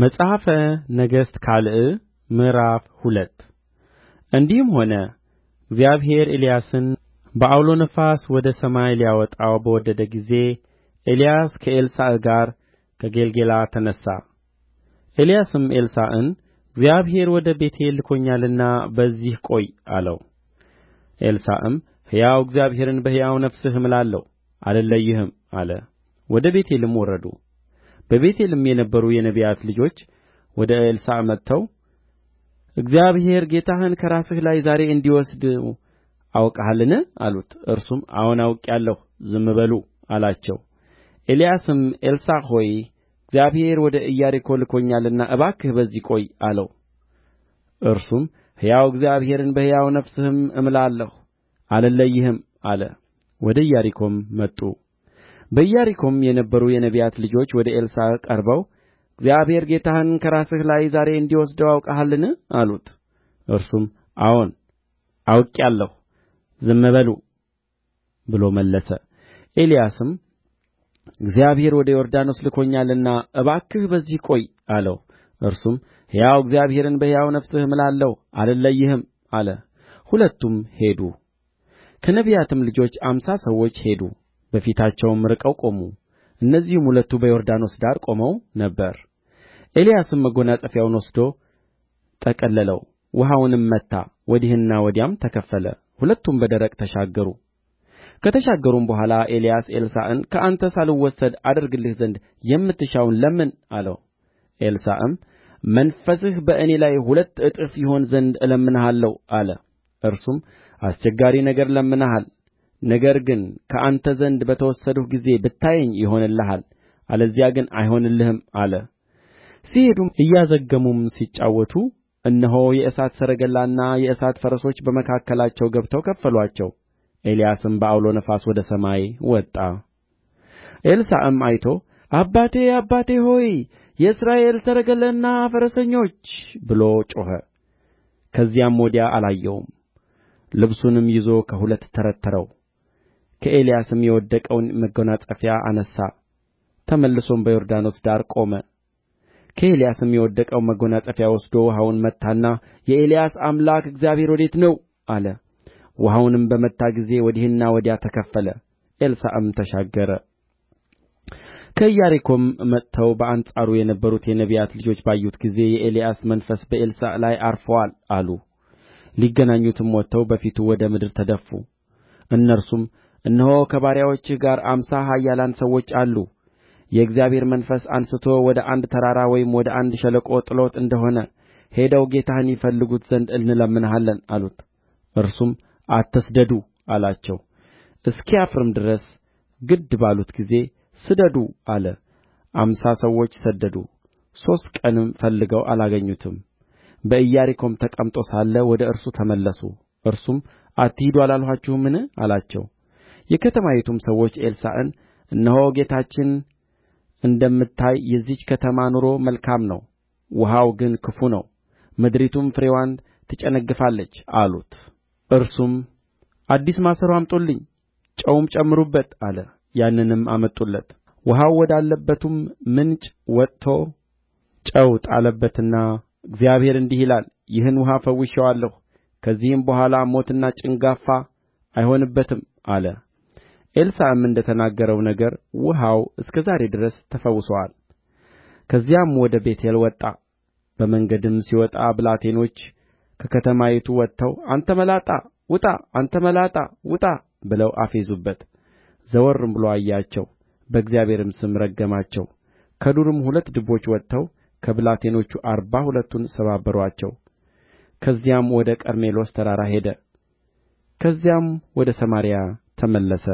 መጽሐፈ ነገሥት ካልዕ ምዕራፍ ሁለት እንዲህም ሆነ እግዚአብሔር ኤልያስን በዐውሎ ነፋስ ወደ ሰማይ ሊያወጣው በወደደ ጊዜ ኤልያስ ከኤልሳዕ ጋር ከጌልገላ ተነሣ። ኤልያስም ኤልሳዕን እግዚአብሔር ወደ ቤቴ ልኮኛልና በዚህ ቆይ አለው። ኤልሳዕም ሕያው እግዚአብሔርን በሕያው ነፍስህ እምላለሁ አልለይህም አለ። ወደ ቤቴልም ወረዱ በቤቴልም የነበሩ የነቢያት ልጆች ወደ ኤልሳዕ መጥተው እግዚአብሔር ጌታህን ከራስህ ላይ ዛሬ እንዲወስደው አውቀሃልን አሉት እርሱም አዎን አውቄአለሁ ዝም በሉ አላቸው ኤልያስም ኤልሳዕ ሆይ እግዚአብሔር ወደ ኢያሪኮ ልኮኛልና እባክህ በዚህ ቆይ አለው እርሱም ሕያው እግዚአብሔርን በሕያው ነፍስህም እምላለሁ አልለይህም አለ ወደ ኢያሪኮም መጡ በኢያሪኮም የነበሩ የነቢያት ልጆች ወደ ኤልሳዕ ቀርበው እግዚአብሔር ጌታህን ከራስህ ላይ ዛሬ እንዲወስደው አውቀሃልን አሉት እርሱም አዎን አውቄአለሁ ዝም በሉ ብሎ መለሰ ኤልያስም እግዚአብሔር ወደ ዮርዳኖስ ልኮኛልና እባክህ በዚህ ቆይ አለው እርሱም ሕያው እግዚአብሔርን በሕያው ነፍስህ እምላለሁ አልለይህም አለ ሁለቱም ሄዱ ከነቢያትም ልጆች አምሳ ሰዎች ሄዱ በፊታቸውም ርቀው ቆሙ እነዚህም ሁለቱ በዮርዳኖስ ዳር ቆመው ነበር ኤልያስም መጐናጸፊያውን ወስዶ ጠቀለለው ውኃውንም መታ ወዲህና ወዲያም ተከፈለ ሁለቱም በደረቅ ተሻገሩ ከተሻገሩም በኋላ ኤልያስ ኤልሳዕን ከአንተ ሳልወሰድ አደርግልህ ዘንድ የምትሻውን ለምን አለው ኤልሳዕም መንፈስህ በእኔ ላይ ሁለት እጥፍ ይሆን ዘንድ እለምንሃለሁ አለ እርሱም አስቸጋሪ ነገር ለምነሃል ነገር ግን ከአንተ ዘንድ በተወሰድሁ ጊዜ ብታየኝ ይሆንልሃል አለዚያ ግን አይሆንልህም አለ ሲሄዱም እያዘገሙም ሲጫወቱ እነሆ የእሳት ሰረገላና የእሳት ፈረሶች በመካከላቸው ገብተው ከፈሉአቸው ኤልያስም በዐውሎ ነፋስ ወደ ሰማይ ወጣ ኤልሳዕም አይቶ አባቴ አባቴ ሆይ የእስራኤል ሰረገላና ፈረሰኞች ብሎ ጮኸ ከዚያም ወዲያ አላየውም ልብሱንም ይዞ ከሁለት ተረተረው ከኤልያስም የወደቀውን መጐናጸፊያ አነሣ ተመልሶም በዮርዳኖስ ዳር ቆመ ከኤልያስም የወደቀውን መጐናጸፊያ ወስዶ ውኃውን መታና የኤልያስ አምላክ እግዚአብሔር ወዴት ነው አለ ውኃውንም በመታ ጊዜ ወዲህና ወዲያ ተከፈለ ኤልሳዕም ተሻገረ ከኢያሪኮም መጥተው በአንጻሩ የነበሩት የነቢያት ልጆች ባዩት ጊዜ የኤልያስ መንፈስ በኤልሳዕ ላይ ዐርፎአል አሉ ሊገናኙትም ወጥተው በፊቱ ወደ ምድር ተደፉ እነርሱም እነሆ ከባሪያዎችህ ጋር አምሳ ኃያላን ሰዎች አሉ የእግዚአብሔር መንፈስ አንሥቶ ወደ አንድ ተራራ ወይም ወደ አንድ ሸለቆ ጥሎት እንደ ሆነ ሄደው ጌታህን ይፈልጉት ዘንድ እንለምንሃለን አሉት እርሱም አትስደዱ አላቸው እስኪያፍርም ድረስ ግድ ባሉት ጊዜ ስደዱ አለ አምሳ ሰዎች ሰደዱ ሦስት ቀንም ፈልገው አላገኙትም በኢያሪኮም ተቀምጦ ሳለ ወደ እርሱ ተመለሱ እርሱም አትሂዱ አላልኋችሁምን አላቸው የከተማይቱም ሰዎች ኤልሳዕን እነሆ ጌታችን እንደምታይ የዚህች ከተማ ኑሮ መልካም ነው ውኃው ግን ክፉ ነው ምድሪቱም ፍሬዋን ትጨነግፋለች አሉት እርሱም አዲስ ማሰሮ አምጡልኝ ጨውም ጨምሩበት አለ ያንንም አመጡለት ውኃው ወዳለበቱም ምንጭ ወጥቶ ጨው ጣለበትና እግዚአብሔር እንዲህ ይላል ይህን ውኃ ፈውሼዋለሁ ከዚህም በኋላ ሞትና ጭንጋፋ አይሆንበትም አለ ኤልሳዕም እንደ ተናገረው ነገር ውኃው እስከ ዛሬ ድረስ ተፈውሶአል ከዚያም ወደ ቤቴል ወጣ በመንገድም ሲወጣ ብላቴኖች ከከተማይቱ ወጥተው አንተ መላጣ ውጣ አንተ መላጣ ውጣ ብለው አፌዙበት ዘወርም ብሎ አያቸው በእግዚአብሔርም ስም ረገማቸው ከዱርም ሁለት ድቦች ወጥተው ከብላቴኖቹ አርባ ሁለቱን ሰባበሩአቸው ከዚያም ወደ ቀርሜሎስ ተራራ ሄደ ከዚያም ወደ ሰማርያ ተመለሰ